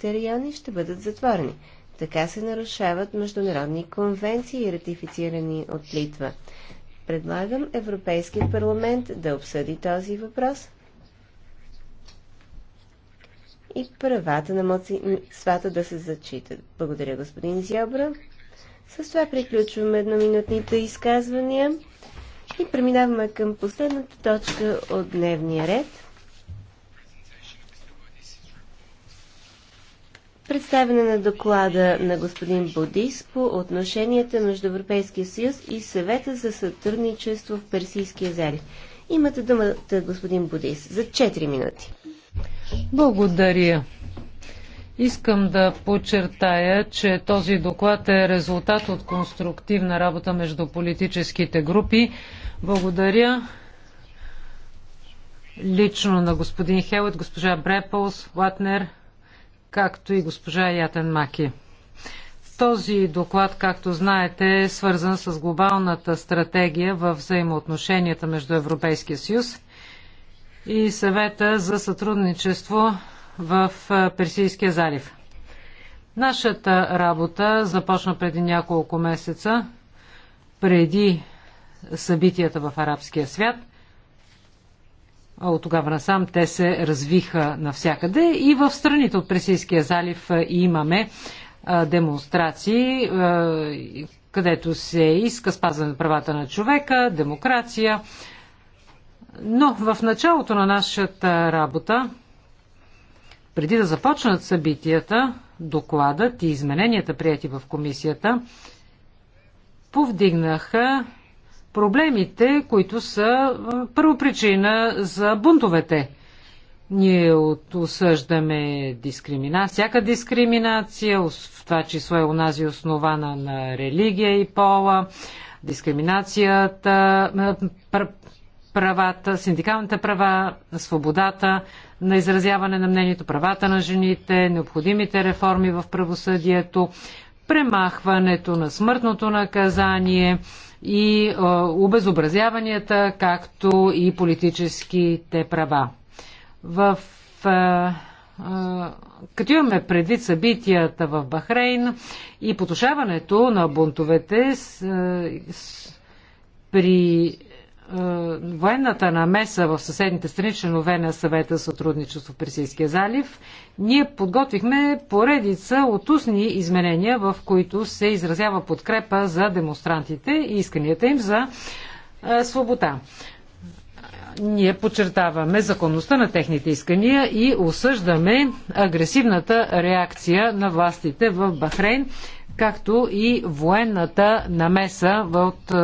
селските райони ще бъдат затворени. Така се нарушават международни конвенции, ратифицирани от Литва. Предлагам Европейския парламент да обсъди този въпрос и правата на младсинствата да се зачитат. Благодаря, господин Зябра. С това приключваме едноминутните изказвания и преминаваме към последната точка от дневния ред – Представяне на доклада на господин Бодис по отношенията между Европейския съюз и съвета за сътрудничество в Персийския залив. Имате думата, господин Бодис, за 4 минути. Благодаря. Искам да подчертая, че този доклад е резултат от конструктивна работа между политическите групи. Благодаря лично на господин Хелът, госпожа Брепълс, Латнер, както и госпожа Ятен Маки. Този доклад, както знаете, е свързан с глобалната стратегия в взаимоотношенията между Европейския съюз и съвета за сътрудничество в Персийския залив. Нашата работа започна преди няколко месеца, преди събитията в арабския свят – а от тогава насам те се развиха навсякъде и в страните от Пресийския залив имаме демонстрации, където се иска спазване на правата на човека, демокрация. Но в началото на нашата работа, преди да започнат събитията, докладът и измененията, прияти в комисията, повдигнаха проблемите, които са първопричина за бунтовете. Ние осъждаме дискриминация, всяка дискриминация, в това число е унази основана на религия и пола, дискриминацията, правата, синдикалните права, свободата на изразяване на мнението, правата на жените, необходимите реформи в правосъдието, премахването на смъртното наказание, и обезобразяванията, както и политическите права. В, като имаме предвид събитията в Бахрейн и потушаването на бунтовете с, с, при е, военната намеса в съседните страни, членове на съвета за сътрудничество в Персийския залив, ние подготвихме поредица от устни изменения, в които се изразява подкрепа за демонстрантите и исканията им за е, свобода ние подчертаваме законността на техните искания и осъждаме агресивната реакция на властите в Бахрейн, както и военната намеса от е,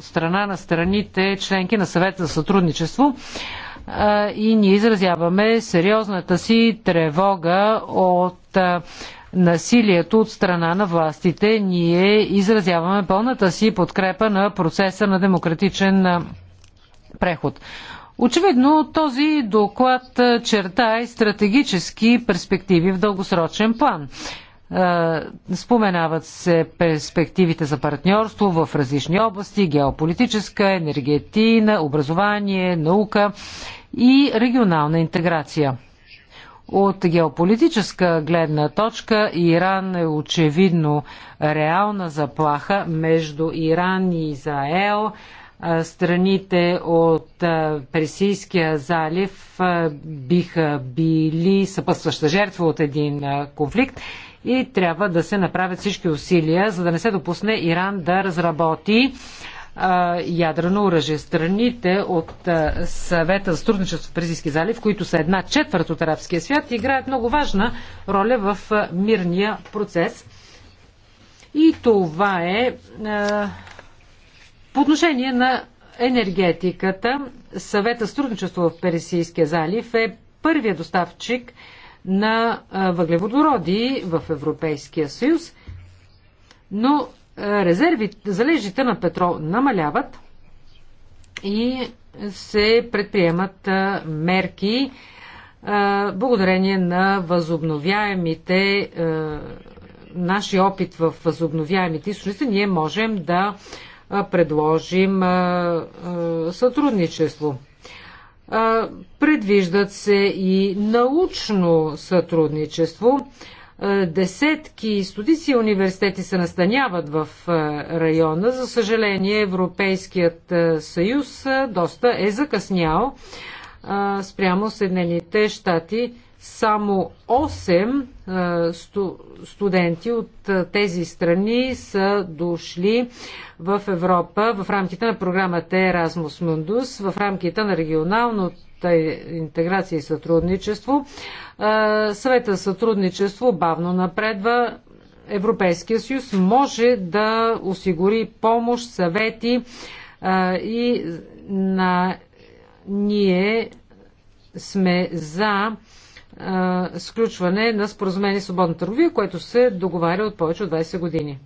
страна на страните членки на съвета за сътрудничество. Е, и ние изразяваме сериозната си тревога от е, насилието от страна на властите. Ние изразяваме пълната си подкрепа на процеса на демократичен преход. Очевидно, този доклад черта и стратегически перспективи в дългосрочен план. Споменават се перспективите за партньорство в различни области геополитическа, енергетина, образование, наука и регионална интеграция. От геополитическа гледна точка Иран е очевидно реална заплаха между Иран и Израел, страните от Персийския залив биха били съпътстваща жертва от един конфликт и трябва да се направят всички усилия, за да не се допусне Иран да разработи ядрено оръжие. Страните от съвета за сътрудничество в Пресийски залив, които са една четвърт от арабския свят, играят много важна роля в мирния процес. И това е по отношение на енергетиката, съвета сътрудничество в Пересийския залив е първия доставчик на въглеводороди в Европейския съюз, но резервите, залежите на петрол намаляват и се предприемат мерки благодарение на възобновяемите наши опит в възобновяемите източници, ние можем да предложим сътрудничество. Предвиждат се и научно сътрудничество. Десетки и стотици университети се настаняват в района. За съжаление, Европейският съюз доста е закъснял спрямо Съединените щати. Само 8 а, сту, студенти от а, тези страни са дошли в Европа в рамките на програмата Erasmus Mundus, в рамките на регионалната интеграция и сътрудничество. Съвета сътрудничество бавно напредва. Европейския съюз може да осигури помощ, съвети и на ние сме за а, сключване на споразумение свободна търговия, което се договаря от повече от 20 години.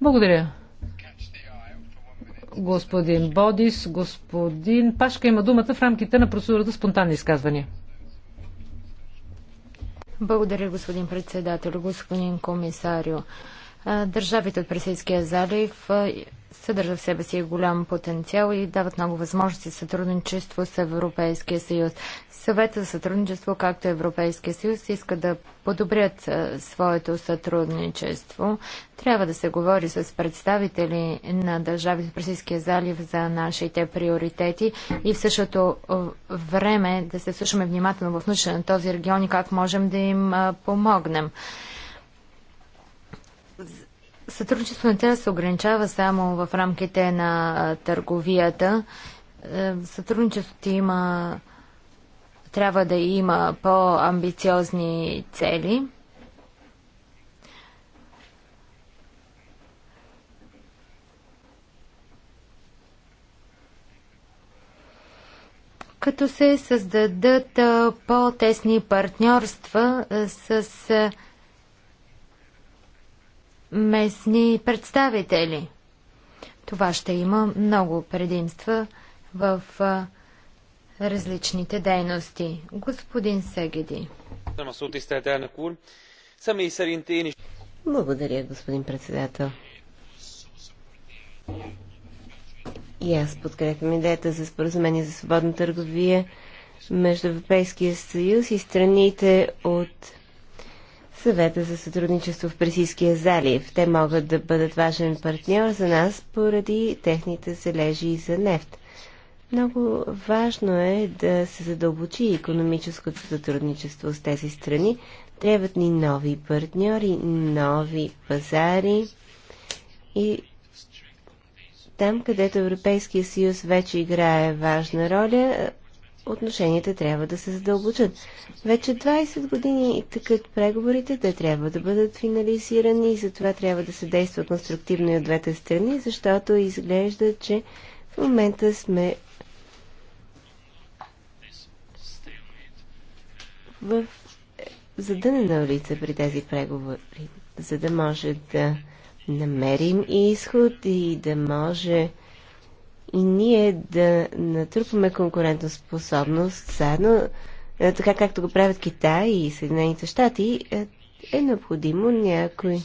Благодаря. Господин Бодис, господин Пашка има думата в рамките на процедурата спонтанни изказвания. Благодаря, господин председател, господин комисарио. Държавите от Пресейския залив съдържа в себе си голям потенциал и дават много възможности за сътрудничество с Европейския съюз. Съвета за сътрудничество, както Европейския съюз, иска да подобрят своето сътрудничество. Трябва да се говори с представители на държавите в Пресийския залив за нашите приоритети и в същото време да се слушаме внимателно в нужда на този регион и как можем да им помогнем Сътрудничеството не трябва да се ограничава само в рамките на търговията. Е, сътрудничеството има, трябва да има по-амбициозни цели. като се създадат по-тесни партньорства с местни представители. Това ще има много предимства в различните дейности. Господин Сегеди. Благодаря, господин председател. И аз подкрепям идеята за споразумение за свободна търговия между Европейския съюз и страните от съвета за сътрудничество в Персийския залив. Те могат да бъдат важен партньор за нас поради техните залежи за нефт. Много важно е да се задълбочи економическото сътрудничество с тези страни. Трябват ни нови партньори, нови пазари и там, където Европейския съюз вече играе важна роля, отношенията трябва да се задълбочат. Вече 20 години такът преговорите, те трябва да бъдат финализирани и затова трябва да се действа конструктивно и от двете страни, защото изглежда, че в момента сме в задънена улица при тези преговори, за да може да намерим изход и да може и ние да натрупваме конкурентоспособност заедно, е, така както го правят Китай и Съединените щати, е, е необходимо някои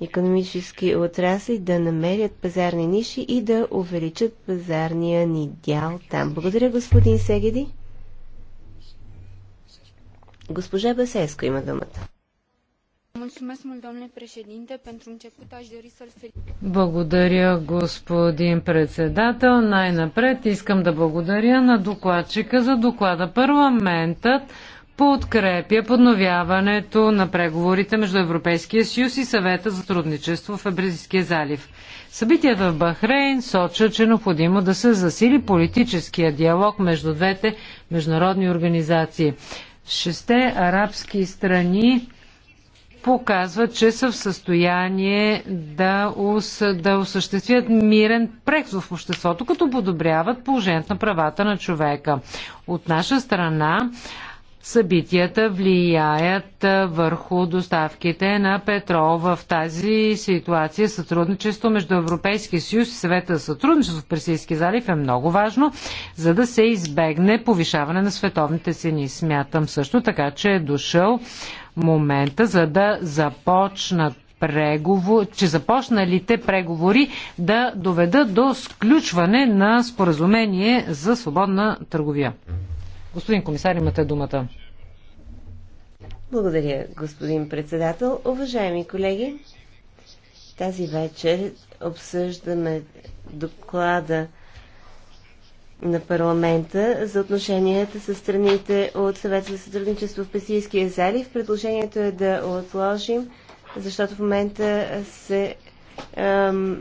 економически отрасли да намерят пазарни ниши и да увеличат пазарния ни дял там. Благодаря, господин Сегеди. Госпожа Басеско има думата. Благодаря, господин председател. Най-напред искам да благодаря на докладчика за доклада. Парламентът подкрепя подновяването на преговорите между Европейския съюз и съвета за трудничество в Ебризийския залив. Събитията в Бахрейн сочат, че е необходимо да се засили политическия диалог между двете международни организации. Шесте арабски страни показват, че са в състояние да, ус, да осъществят мирен прекс в обществото, като подобряват положението на правата на човека. От наша страна събитията влияят върху доставките на петрол. В тази ситуация сътрудничество между Европейския съюз и съвета за сътрудничество в Персийски залив е много важно, за да се избегне повишаване на световните цени. Смятам също така, че е дошъл момента, за да започнат преговор, че започналите преговори да доведат до сключване на споразумение за свободна търговия. Господин комисар, имате думата. Благодаря, господин председател. Уважаеми колеги, тази вечер обсъждаме доклада на парламента за отношенията с страните от съвета за сътрудничество в Песийския залив. Предложението е да отложим, защото в момента се ам,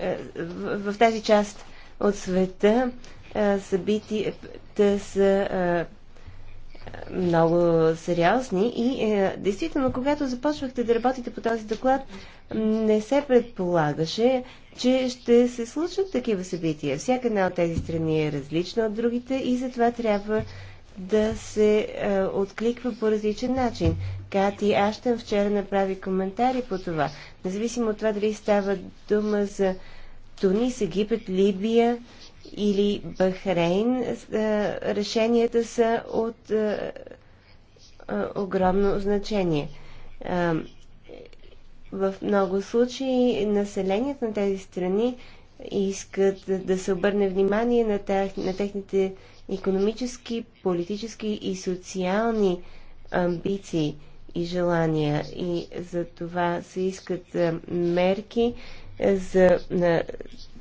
а, е, в, в тази част от света събити събитията са а, много сериозни и е, действително, когато започвахте да работите по този доклад, не се предполагаше, че ще се случат такива събития. Всяка една от тези страни е различна от другите и затова трябва да се е, откликва по различен начин. Кати Аштън вчера направи коментари по това. Независимо от това дали става дума за Тунис, Египет, Либия, или Бахрейн, е, решенията са от е, е, огромно значение. В много случаи населението на тези страни искат да се обърне внимание на, тях, на техните економически, политически и социални амбиции – и желания. И за това се искат мерки за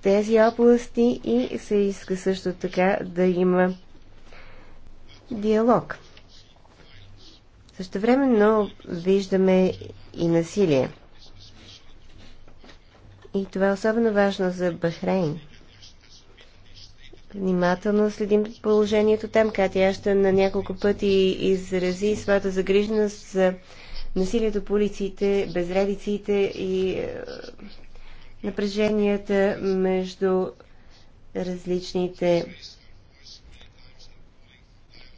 тези области и се иска също така да има диалог. Също времено виждаме и насилие. И това е особено важно за Бахрейн. Внимателно следим положението там. Катя ще на няколко пъти изрази своята загриженост за насилието по улиците, безредиците и е, напреженията между различните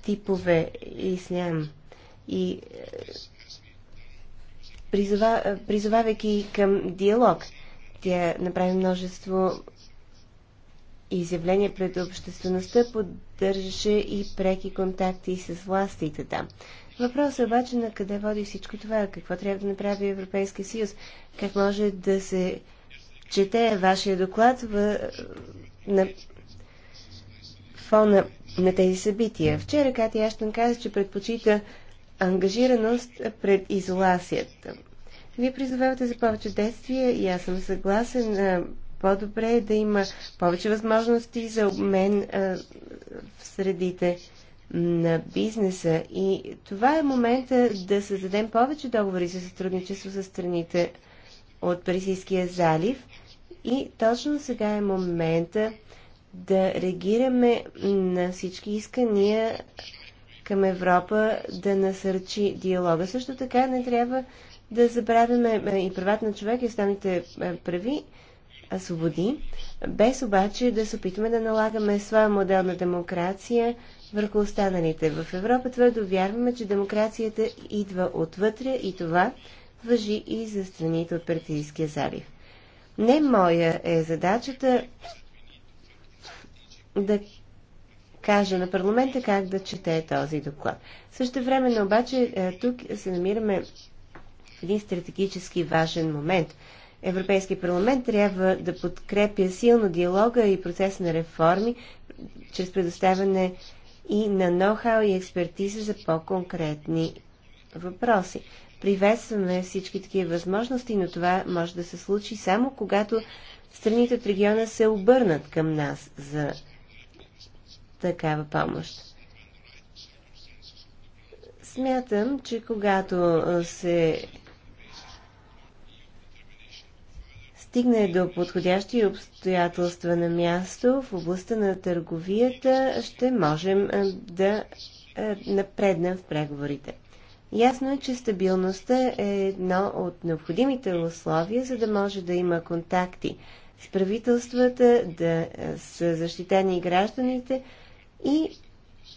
типове ислям. И е, призова, призовавайки към диалог, тя направи множество изявления пред обществеността, поддържаше и преки контакти с властите там. Въпросът е обаче на къде води всичко това, какво трябва да направи Европейския съюз, как може да се чете вашия доклад в, на фона на тези събития. Вчера Кати Аштан каза, че предпочита ангажираност пред изолацията. Вие призовавате за повече действия и аз съм съгласен. По-добре е да има повече възможности за обмен а, в средите на бизнеса. И това е момента да създадем повече договори за сътрудничество с страните от Парисийския залив. И точно сега е момента да реагираме на всички искания към Европа да насърчи диалога. Също така не трябва да забравяме и правата на човека и останите прави свободи, без обаче да се опитваме да налагаме своя модел на демокрация върху останалите. В Европа твърдо вярваме, че демокрацията идва отвътре и това въжи и за страните от Партийския залив. Не моя е задачата да кажа на парламента как да чете този доклад. Също време, обаче е, тук се намираме в един стратегически важен момент – Европейски парламент трябва да подкрепя силно диалога и процес на реформи чрез предоставяне и на ноу-хау и експертиза за по-конкретни въпроси. Приветстваме всички такива възможности, но това може да се случи само когато страните от региона се обърнат към нас за такава помощ. Смятам, че когато се стигне до подходящи обстоятелства на място в областта на търговията, ще можем да напреднем в преговорите. Ясно е, че стабилността е едно от необходимите условия, за да може да има контакти с правителствата, да са защитени гражданите и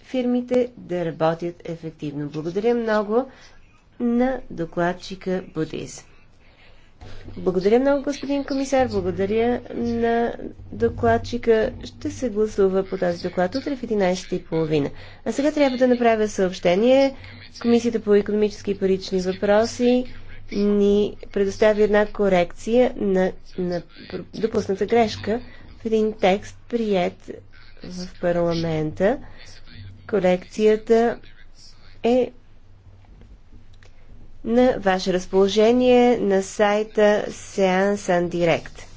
фирмите да работят ефективно. Благодаря много на докладчика Будиз. Благодаря много, господин комисар. Благодаря на докладчика. Ще се гласува по тази доклад утре в 11.30. А сега трябва да направя съобщение. Комисията по економически и парични въпроси ни предостави една корекция на, на допусната грешка в един текст, прият в парламента. Корекцията е на ваше разположение на сайта Seance Direct.